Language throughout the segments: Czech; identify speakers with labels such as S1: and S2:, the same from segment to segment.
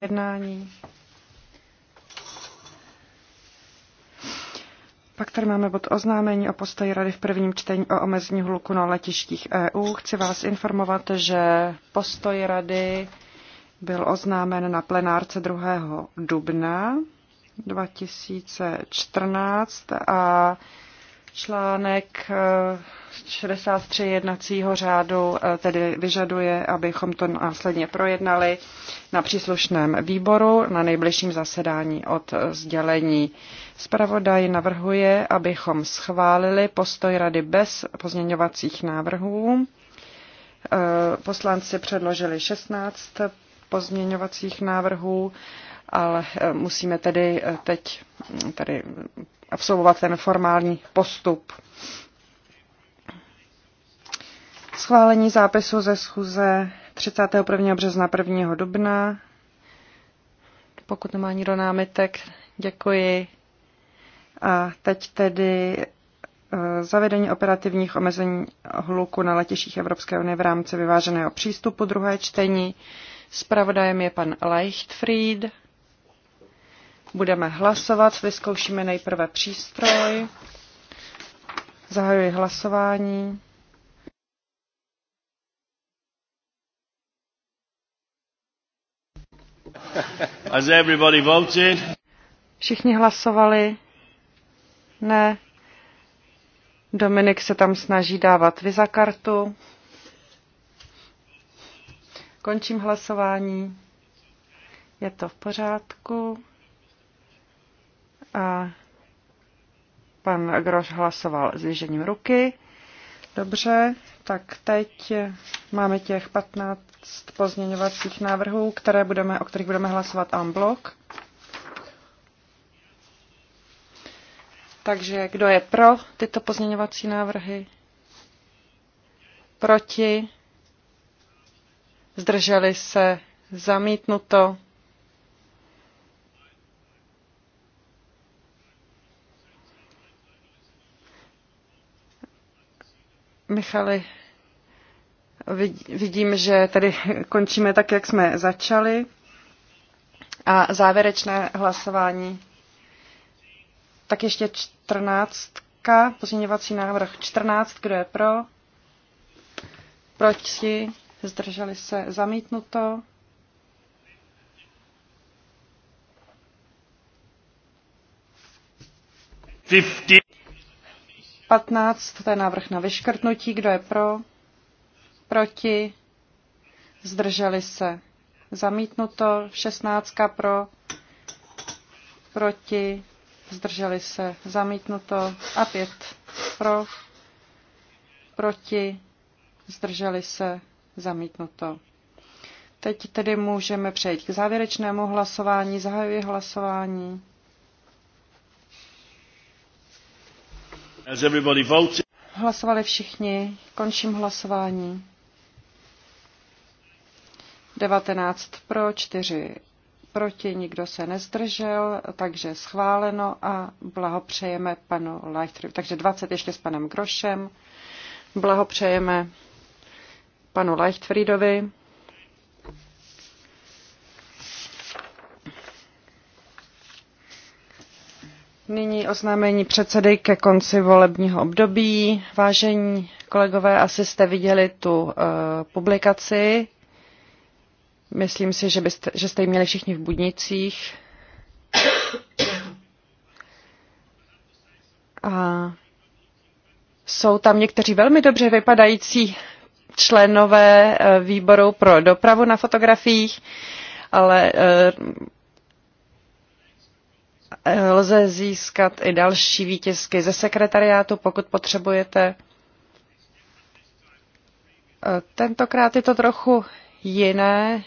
S1: jednání. Pak tady máme bod oznámení o postoji Rady v prvním čtení o omezení hluku na letištích EU. Chci vás informovat, že postoj Rady byl oznámen na plenárce 2. dubna 2014 a Článek 63 eh, jednacího řádu eh, tedy vyžaduje, abychom to následně projednali na příslušném výboru na nejbližším zasedání od eh, sdělení. Spravodaj navrhuje, abychom schválili postoj rady bez pozměňovacích návrhů. Poslanci předložili 16 pozměňovacích návrhů ale musíme tedy teď tady absolvovat ten formální postup. Schválení zápisu ze schůze 31. března 1. dubna. Pokud nemá nikdo námitek, děkuji. A teď tedy eh, zavedení operativních omezení hluku na letištích Evropské unie v rámci vyváženého přístupu, druhé čtení. Spravodajem je pan Leichtfried. Budeme hlasovat, vyzkoušíme nejprve přístroj. Zahajuji hlasování.
S2: Has everybody voted?
S1: Všichni hlasovali. Ne. Dominik se tam snaží dávat viza kartu. Končím hlasování. Je to v pořádku. A pan Groš hlasoval zvýžením ruky. Dobře, tak teď máme těch 15 pozměňovacích návrhů, které budeme, o kterých budeme hlasovat en bloc. Takže kdo je pro tyto pozměňovací návrhy? Proti? Zdrželi se? Zamítnuto? Michali, vidím, že tady končíme tak, jak jsme začali. A závěrečné hlasování. Tak ještě čtrnáctka, pozměňovací návrh 14, kdo je pro? Proti? Zdrželi se? Zamítnuto? Fifty. 15, to je návrh na vyškrtnutí. Kdo je pro? Proti? Zdrželi se. Zamítnuto. 16 pro? Proti? Zdrželi se. Zamítnuto. A 5 pro? Proti? Zdrželi se. Zamítnuto. Teď tedy můžeme přejít k závěrečnému hlasování. Zahajuji hlasování. Hlasovali všichni. Končím hlasování. 19 pro, 4 proti, nikdo se nezdržel, takže schváleno a blahopřejeme panu Leichtrovi. Takže 20 ještě s panem Grošem. Blahopřejeme panu Leichtfriedovi. Nyní oznámení předsedy ke konci volebního období. Vážení kolegové, asi jste viděli tu uh, publikaci. Myslím si, že, byste, že jste ji měli všichni v Budnicích. A jsou tam někteří velmi dobře vypadající členové eh, výboru pro dopravu na fotografiích, ale eh, lze získat i další výtisky ze sekretariátu, pokud potřebujete. Tentokrát je to trochu jiné,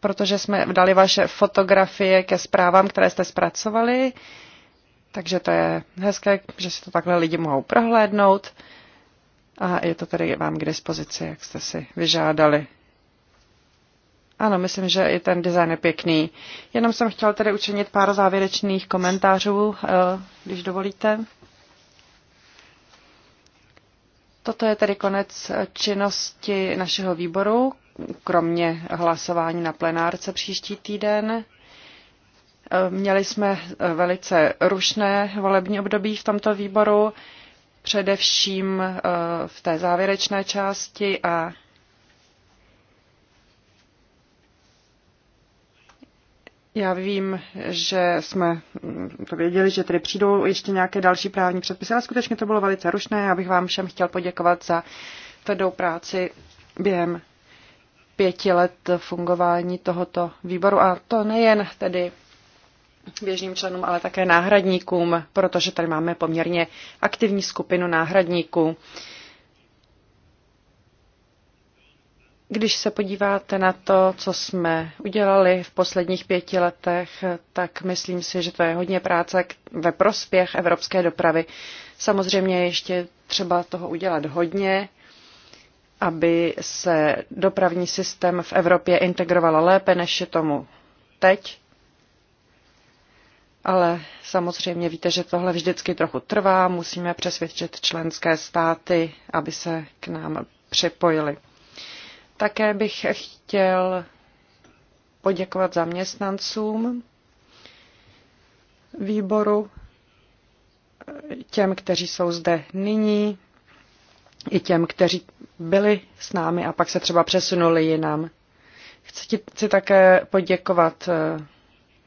S1: protože jsme dali vaše fotografie ke zprávám, které jste zpracovali, takže to je hezké, že si to takhle lidi mohou prohlédnout. A je to tedy vám k dispozici, jak jste si vyžádali. Ano, myslím, že i ten design je pěkný. Jenom jsem chtěl tedy učinit pár závěrečných komentářů, eh, když dovolíte. Toto je tedy konec činnosti našeho výboru, kromě hlasování na plenárce příští týden. Eh, měli jsme eh, velice rušné volební období v tomto výboru, především v té závěrečné části a Já vím, že jsme mm, to věděli, že tady přijdou ještě nějaké další právní předpisy, ale skutečně to bylo velice rušné. Já bych vám všem chtěl poděkovat za tvrdou práci během pěti let fungování tohoto výboru. A to nejen tedy běžným členům, ale také náhradníkům, protože tady máme poměrně aktivní skupinu náhradníků. Když se podíváte na to, co jsme udělali v posledních pěti letech, tak myslím si, že to je hodně práce ve prospěch evropské dopravy. Samozřejmě ještě třeba toho udělat hodně, aby se dopravní systém v Evropě integrovala lépe, než je tomu teď. Ale samozřejmě víte, že tohle vždycky trochu trvá. Musíme přesvědčit členské státy, aby se k nám připojili. Také bych chtěl poděkovat zaměstnancům výboru, těm, kteří jsou zde nyní, i těm, kteří byli s námi a pak se třeba přesunuli jinam. Chci, chci také poděkovat eh,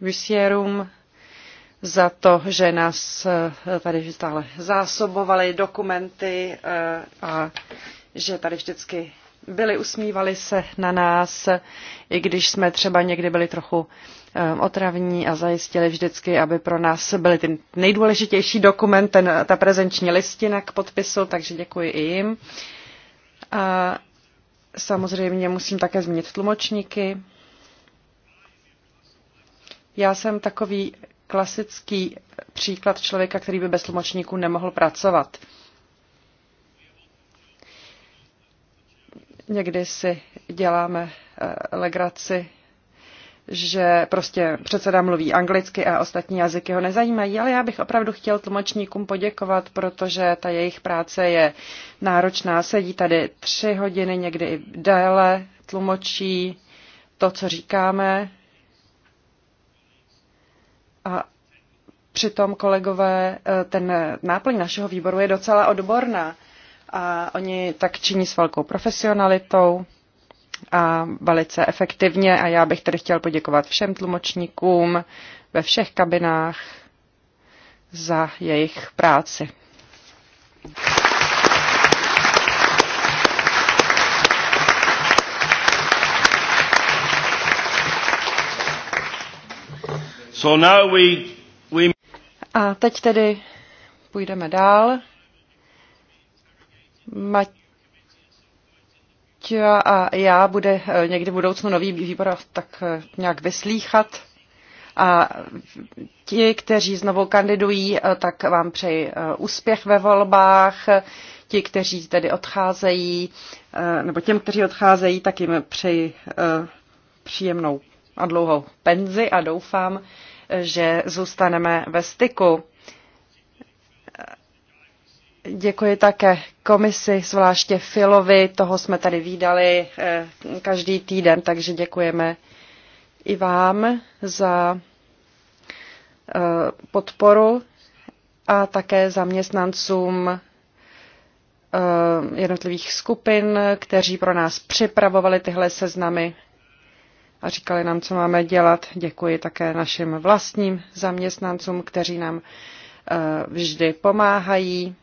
S1: vysierům za to, že nás eh, tady stále zásobovali dokumenty eh, a že tady vždycky byli, usmívali se na nás, i když jsme třeba někdy byli trochu eh, otravní a zajistili vždycky, aby pro nás byly ten nejdůležitější dokument, ten, ta prezenční listina k podpisu, takže děkuji i jim. A samozřejmě musím také zmínit tlumočníky. Já jsem takový klasický příklad člověka, který by bez tlumočníků nemohl pracovat. Někdy si děláme eh, legraci, že prostě předseda mluví anglicky a ostatní jazyky ho nezajímají, ale já bych opravdu chtěl tlumočníkům poděkovat, protože ta jejich práce je náročná. Sedí tady tři hodiny, někdy i déle, tlumočí to, co říkáme. A přitom, kolegové, eh, ten náplň našeho výboru je docela odborná a oni tak činí s velkou profesionalitou a velice efektivně a já bych tedy chtěl poděkovat všem tlumočníkům ve všech kabinách za jejich práci. So now we, we... A teď tedy půjdeme dál. Maťa a já bude eh, někdy v budoucnu nový výbor tak eh, nějak vyslíchat. A ti, kteří znovu kandidují, eh, tak vám přeji úspěch ve volbách. Ti, kteří tedy odcházejí, nebo těm, kteří odcházejí, tak jim přeji příjemnou a dlouhou penzi a doufám, že zůstaneme ve styku. Děkuji také komisi, zvláště Filovi, toho jsme tady výdali eh, každý týden, takže děkujeme i vám za eh, podporu a také zaměstnancům eh, jednotlivých skupin, kteří pro nás připravovali tyhle seznamy a říkali nám, co máme dělat. Děkuji také našim vlastním zaměstnancům, kteří nám vždy pomáhají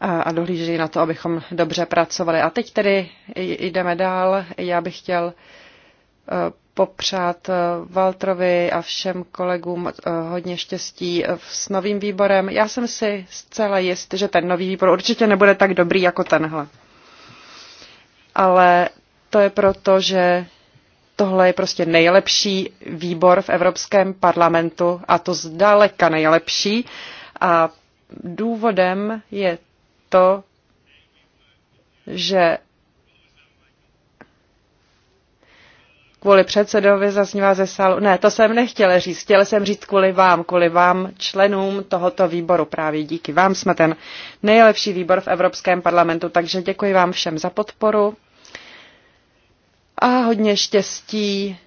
S1: a dohlíží na to, abychom dobře pracovali. A teď tedy jdeme dál. Já bych chtěl e, popřát Valtrovi e, a všem kolegům e, hodně štěstí s novým výborem. Já jsem si zcela jist, že ten nový výbor určitě nebude tak dobrý jako tenhle. Ale to je proto, že tohle je prostě nejlepší výbor v Evropském parlamentu a to zdaleka nejlepší. A důvodem je to, že kvůli předsedovi zaznívá ze sálu. Ne, to jsem nechtěla říct. Chtěla jsem říct kvůli vám, kvůli vám členům tohoto výboru. Právě díky vám jsme ten nejlepší výbor v Evropském parlamentu, takže děkuji vám všem za podporu a hodně štěstí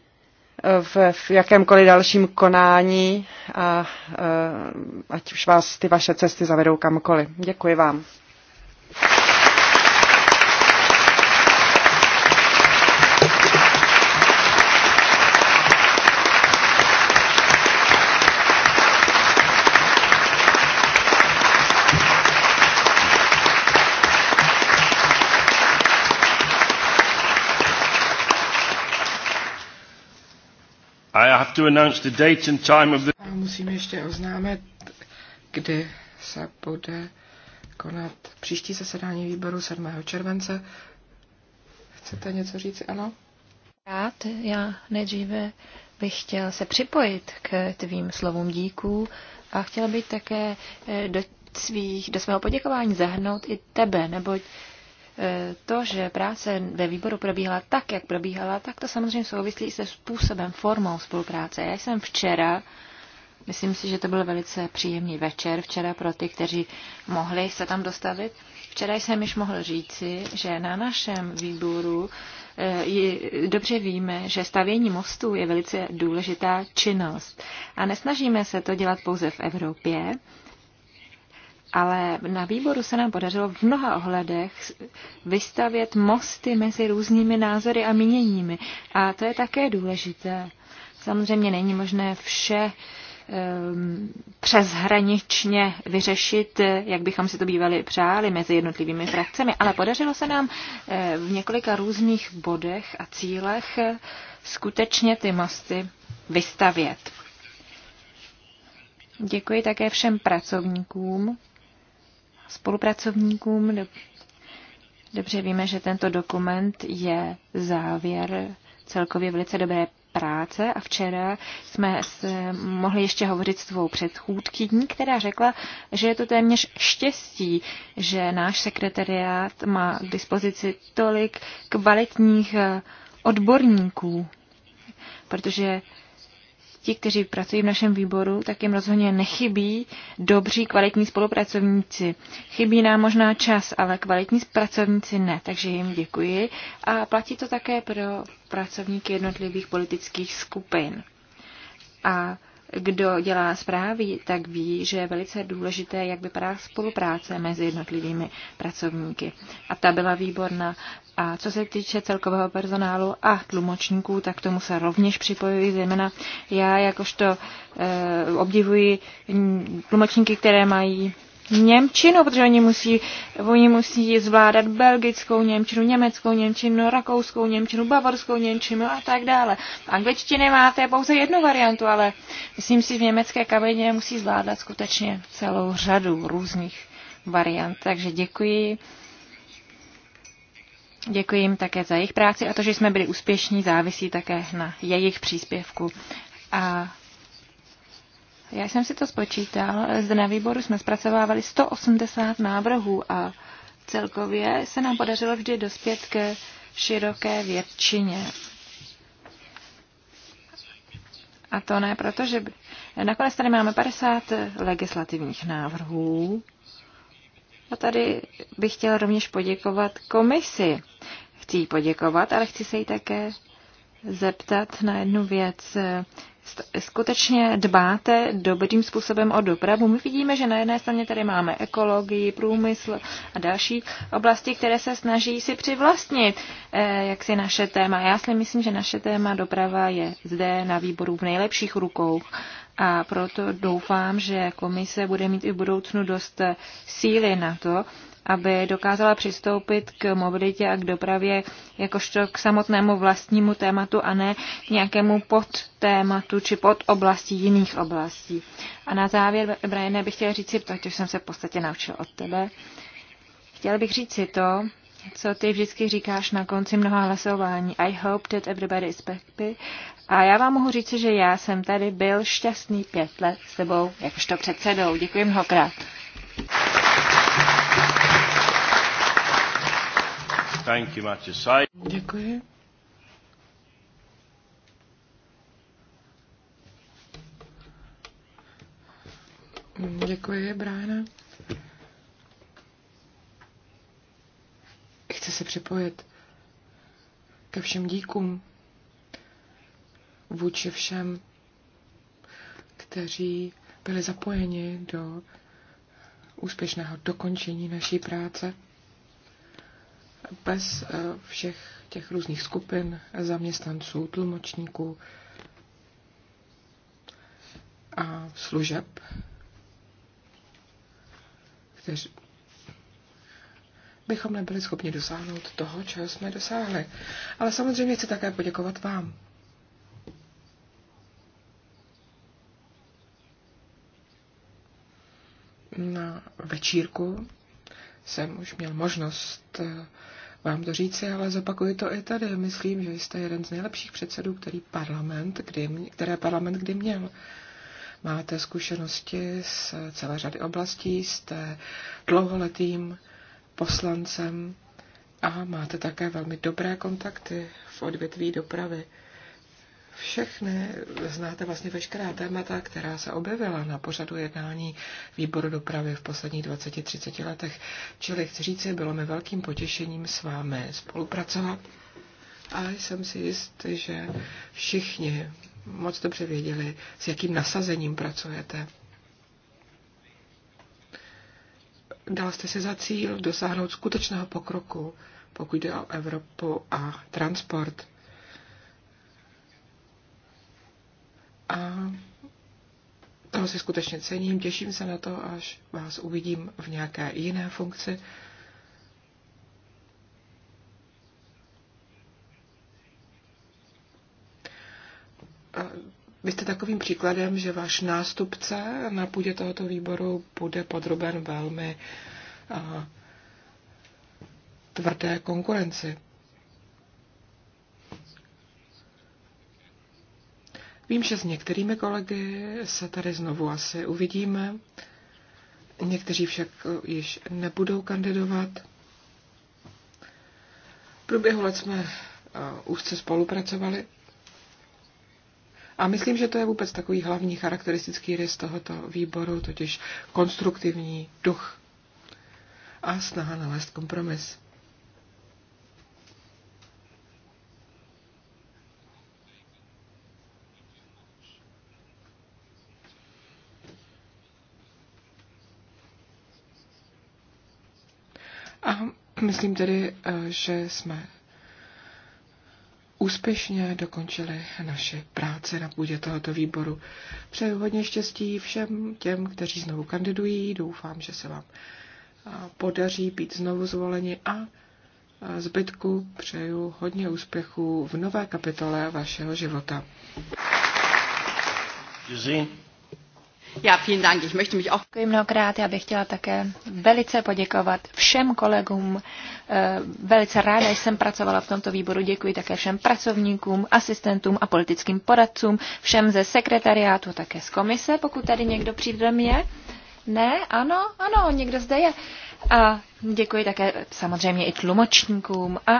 S1: eh, v, jakémkoliv dalším konání a, a eh, ať už vás ty vaše cesty zavedou kamkoliv. Děkuji vám.
S3: I have to announce the date and time of the... A musím ještě oznámit, kdy se bude konat příští zasedání výboru 7. července. Chcete něco říct? Ano? Rád, já
S2: nejdříve bych chtěl se připojit k tvým slovům díků a chtěl bych také eh, do svých, do svého poděkování zahrnout i tebe, neboť E, to, že práce ve výboru probíhala tak, jak probíhala, tak to samozřejmě souvislí se způsobem, formou spolupráce. Já jsem včera, myslím si, že to byl velice příjemný večer, včera pro ty, kteří mohli se tam dostavit, včera jsem již mohl říci, že na našem výboru e, dobře víme, že stavění mostů je velice důležitá činnost. A nesnažíme se to dělat pouze v Evropě, ale na výboru se nám podařilo v mnoha ohledech vystavět mosty mezi různými názory a míněními. A to je také důležité. Samozřejmě není možné vše ehm, přeshraničně vyřešit, jak bychom si to bývali přáli mezi jednotlivými frakcemi, ale podařilo se nám eh, v několika různých bodech a cílech eh, skutečně ty mosty vystavět. Děkuji také všem pracovníkům spolupracovníkům. Dobře víme, že tento dokument je závěr celkově velice dobré práce a včera jsme se mohli ještě hovořit s tvou předchůdkyní, která řekla, že je to téměř štěstí, že náš sekretariát má k dispozici tolik kvalitních eh, odborníků, protože ti, kteří pracují v našem výboru, tak jim rozhodně nechybí dobří kvalitní spolupracovníci. Chybí nám možná čas, ale kvalitní pracovníci ne, takže jim děkuji. A platí to také pro pracovníky jednotlivých politických skupin. A kdo dělá zprávy, tak ví, že je velice důležité, jak vypadá spolupráce mezi jednotlivými pracovníky. A ta byla výborná. A co se týče celkového personálu a tlumočníků, tak tomu se rovněž připojují zejména já jakožto eh, obdivuji tlumočníky, které mají Němčinu, protože oni musí, oni musí zvládat belgickou Němčinu, německou Němčinu, rakouskou Němčinu, bavorskou Němčinu a tak dále. V angličtině máte pouze jednu variantu, ale myslím si, v německé kabině musí zvládat skutečně celou řadu různých variant. Takže děkuji. Děkuji jim také za jejich práci a to, že jsme byli úspěšní, závisí také na jejich příspěvku. A já jsem si to spočítal. Zde na výboru jsme zpracovávali 180 návrhů a celkově se nám podařilo vždy dospět ke široké většině. A to ne proto, že... Nakonec tady máme 50 legislativních návrhů. A tady bych chtěla rovněž poděkovat komisi. Chci jí poděkovat, ale chci se jí také zeptat na jednu věc skutečně dbáte dobrým způsobem o dopravu. My vidíme, že na jedné straně tady máme ekologii, průmysl a další oblasti, které se snaží si přivlastnit, eh, jak si naše téma. Já si myslím, že naše téma doprava je zde na výboru v nejlepších rukou. A proto doufám, že komise bude mít i v budoucnu dost eh, síly na to, aby dokázala přistoupit k mobilitě a k dopravě jakožto k samotnému vlastnímu tématu a ne k nějakému podtématu či pod oblasti jiných oblastí. A na závěr, Brian, bych chtěla říct si to, jsem se v podstatě naučil od tebe. Chtěla bych říct si to, co ty vždycky říkáš na konci mnoha hlasování. I hope that everybody is happy. A já vám mohu říct, že já jsem tady byl šťastný pět let s tebou, jakožto předsedou. Děkuji mnohokrát.
S3: Thank you much, Děkuji. Děkuji, Brána. Chci se připojit ke všem díkům vůči všem, kteří byli zapojeni do úspěšného dokončení naší práce bez eh, všech těch různých skupin zaměstnanců, tlumočníků a služeb, kteří bychom nebyli schopni dosáhnout toho, čeho jsme dosáhli. Ale samozřejmě chci také poděkovat vám. Na večírku jsem už měl možnost eh, vám to říci, ale zopakuju to i tady. Myslím, že jste jeden z nejlepších předsedů, který parlament, kdy, které parlament kdy měl. Máte zkušenosti z celé řady oblastí, jste dlouholetým poslancem a máte také velmi dobré kontakty v odvětví dopravy všechny, znáte vlastně veškerá témata, která se objevila na pořadu jednání výboru dopravy v posledních 20-30 letech. Čili chci říct, bylo mi velkým potěšením s vámi spolupracovat a jsem si jist, že všichni moc dobře věděli, s jakým nasazením pracujete. Dal jste si za cíl dosáhnout skutečného pokroku, pokud jde o Evropu a transport. A toho si skutečně cením, těším se na to, až vás uvidím v nějaké jiné funkci. vy jste takovým příkladem, že váš nástupce na půdě tohoto výboru bude podroben velmi tvrdé konkurenci. Vím, že s některými kolegy se tady znovu asi uvidíme. Někteří však eh, již nebudou kandidovat. V průběhu let jsme úzce eh, spolupracovali. A myslím, že to je vůbec takový hlavní charakteristický rys tohoto výboru, totiž konstruktivní duch a snaha nalézt kompromis. Myslím tedy, eh, že jsme úspěšně dokončili naše práce na půdě tohoto výboru. Přeju hodně štěstí všem těm, kteří znovu kandidují. Doufám, že se vám eh, podaří být znovu zvoleni a eh, zbytku přeju hodně úspěchů v nové kapitole vašeho života. Děkuji. Já vielen Dank. Ich möchte mich auch...
S2: mnohokrát. Já bych chtěla také velice poděkovat všem kolegům. Eh, velice ráda jsem pracovala v tomto výboru. Děkuji také všem pracovníkům, asistentům a politickým poradcům, všem ze sekretariátu, také z komise, pokud tady někdo přijde mě. Ne, ano, ano, někdo zde je. A Děkuji také samozřejmě i tlumočníkům a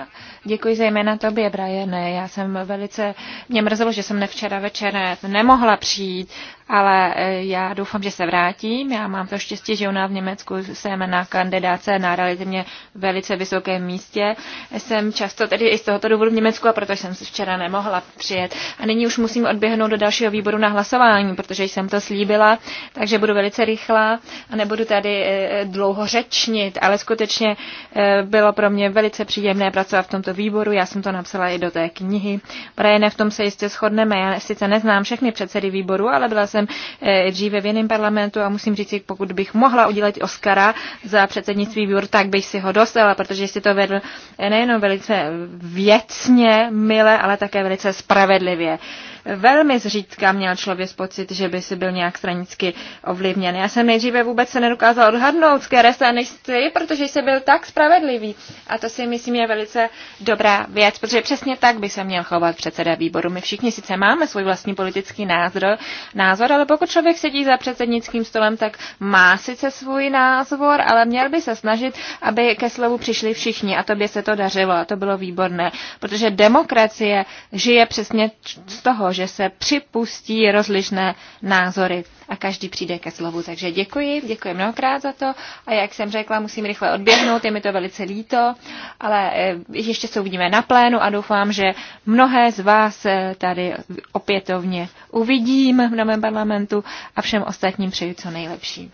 S2: děkuji zejména tobě, Brajene. Já jsem velice, mě mrzelo, že jsem nevčera večer nemohla přijít, ale eh, já doufám, že se vrátím. Já mám to štěstí, že u nás v Německu jsem na kandidáce na relativně velice vysokém místě. Jsem často tedy i z tohoto důvodu v Německu a protože jsem se včera nemohla přijet. A nyní už musím odběhnout do dalšího výboru na hlasování, protože jsem to slíbila, takže budu velice rychlá a nebudu tady eh, dlouho řečnit, ale skutečně skutečně eh, bylo pro mě velice příjemné pracovat v tomto výboru. Já jsem to napsala i do té knihy. Brajene, v tom se jistě shodneme. Já sice neznám všechny předsedy výboru, ale byla jsem eh, dříve v jiném parlamentu a musím říct, pokud bych mohla udělat Oscara za předsednictví výboru, tak bych si ho dostala, protože si to vedl eh, nejenom velice věcně, mile, ale také velice spravedlivě velmi zřídka měl člověk pocit, že by si byl nějak stranicky ovlivněn. Já jsem nejdříve vůbec se nedokázal odhadnout, z které strany jsi, protože jsi byl tak spravedlivý. A to si myslím je velice dobrá věc, protože přesně tak by se měl chovat předseda výboru. My všichni sice máme svůj vlastní politický názor, názor ale pokud člověk sedí za předsednickým stolem, tak má sice svůj názor, ale měl by se snažit, aby ke slovu přišli všichni. A tobě se to dařilo a to bylo výborné, protože demokracie žije přesně z toho, že se připustí rozlišné názory a každý přijde ke slovu. Takže děkuji, děkuji mnohokrát za to a jak jsem řekla, musím rychle odběhnout, je mi to velice líto, ale eh, ještě se uvidíme na plénu a doufám, že mnohé z vás eh, tady opětovně uvidím v novém parlamentu a všem ostatním přeju co nejlepší.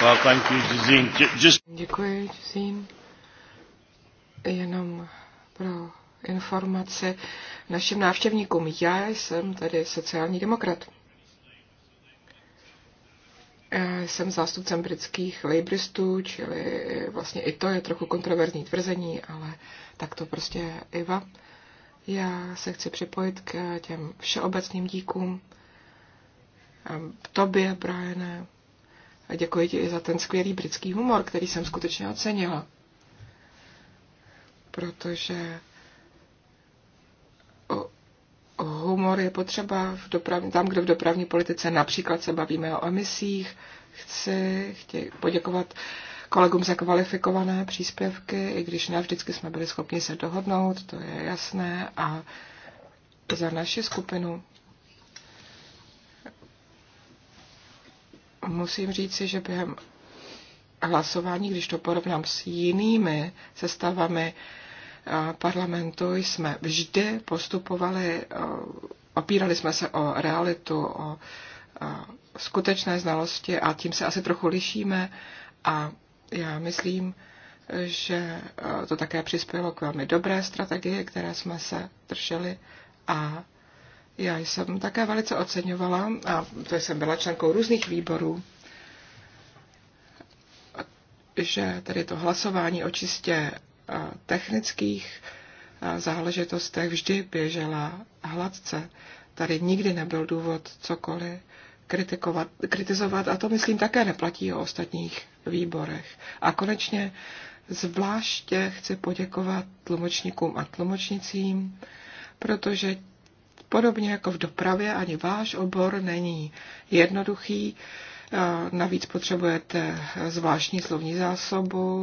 S1: Well, thank you, Just...
S3: Děkuji, Jazine. Jenom pro informaci našim návštěvníkům. Já jsem tedy sociální demokrat. Jsem zástupcem britských labouristů, čili vlastně i to je trochu kontroverzní tvrzení, ale tak to prostě je Iva. Já se chci připojit k těm všeobecným díkům. Tobě, Briane, a děkuji ti i za ten skvělý britský humor, který jsem skutečně ocenila. Protože humor je potřeba v doprav... tam, kde v dopravní politice například se bavíme o emisích. Chci, chci poděkovat kolegům za kvalifikované příspěvky, i když ne vždycky jsme byli schopni se dohodnout, to je jasné. A za naši skupinu musím říci, že během hlasování, když to porovnám s jinými sestavami, parlamentu jsme vždy postupovali, opírali jsme se o realitu, o skutečné znalosti a tím se asi trochu lišíme a já myslím, že to také přispělo k velmi dobré strategii, které jsme se drželi a já jsem také velice oceňovala, a to jsem byla členkou různých výborů, že tedy to hlasování o čistě technických záležitostech vždy běžela hladce. Tady nikdy nebyl důvod cokoliv kritikovat, kritizovat a to, myslím, také neplatí o ostatních výborech. A konečně zvláště chci poděkovat tlumočníkům a tlumočnicím, protože podobně jako v dopravě ani váš obor není jednoduchý. Navíc potřebujete zvláštní slovní zásobu,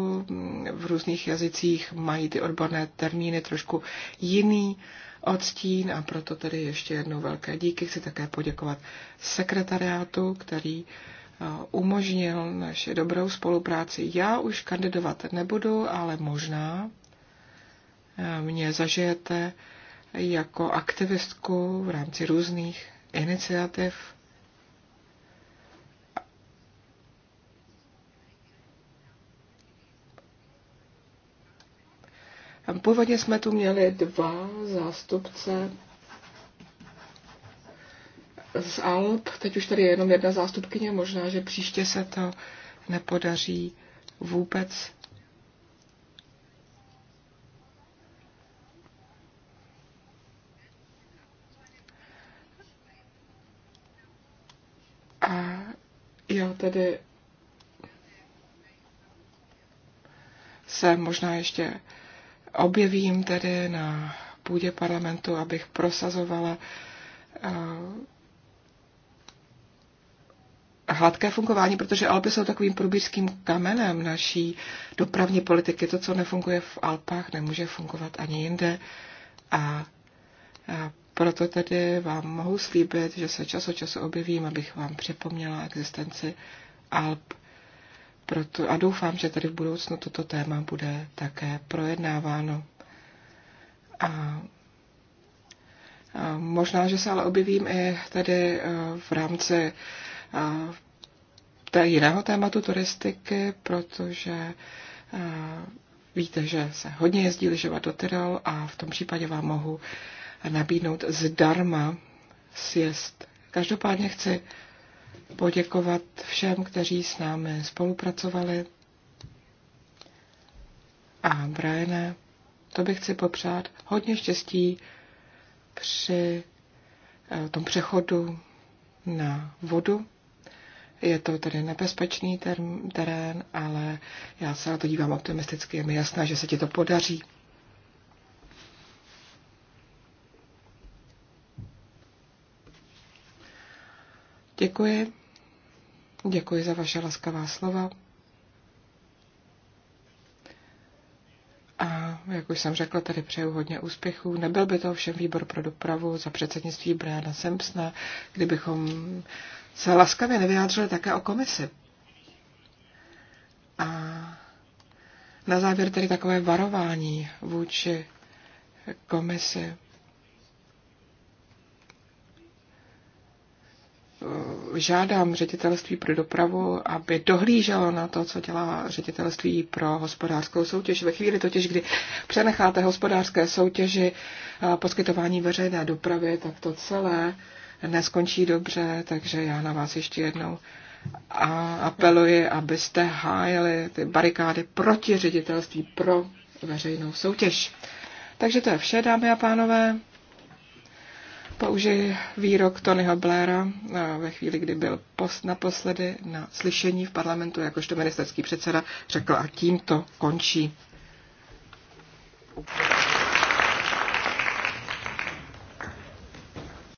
S3: v různých jazycích mají ty odborné termíny trošku jiný odstín a proto tedy ještě jednou velké díky. Chci také poděkovat sekretariátu, který e, umožnil naše dobrou spolupráci. Já už kandidovat nebudu, ale možná e, mě zažijete jako aktivistku v rámci různých iniciativ Původně jsme tu měli dva zástupce z Alp, teď už tady je jenom jedna zástupkyně, možná, že příště se to nepodaří vůbec. A já tedy se možná ještě objevím tedy na půdě parlamentu, abych prosazovala eh, hladké fungování, protože Alpy jsou takovým průběžským kamenem naší dopravní politiky. To, co nefunguje v Alpách, nemůže fungovat ani jinde. A, a proto tedy vám mohu slíbit, že se čas od času objevím, abych vám připomněla existenci Alp proto, a doufám, že tady v budoucnu toto téma bude také projednáváno. A Možná, že se ale objevím i tady e, v rámci e, té jiného tématu turistiky, protože e, víte, že se hodně jezdí lyžovat do Tyrol a v tom případě vám mohu nabídnout zdarma sjezd. Každopádně chci poděkovat všem, kteří s námi spolupracovali. A Brian, to bych chci popřát hodně štěstí při eh, tom přechodu na vodu. Je to tedy nebezpečný term, terén, ale já se na to dívám optimisticky. Je mi jasné, že se ti to podaří. Děkuji. Děkuji za vaše laskavá slova. A jak už jsem řekla, tady přeju hodně úspěchů. Nebyl by to ovšem výbor pro dopravu za předsednictví Briana Sempsna, kdybychom se laskavě nevyjádřili také o komisi. A na závěr tedy takové varování vůči komisi. žádám ředitelství pro dopravu, aby dohlíželo na to, co dělá ředitelství pro hospodářskou soutěž. Ve chvíli totiž, kdy přenecháte hospodářské soutěži poskytování veřejné dopravy, tak to celé neskončí dobře, takže já na vás ještě jednou a apeluji, abyste hájili ty barikády proti ředitelství pro veřejnou soutěž. Takže to je vše, dámy a pánové použij výrok Tonyho Blaira eh, ve chvíli, kdy byl post naposledy na slyšení v parlamentu jakožto ministerský předseda, řekl a tím to končí. Thank you.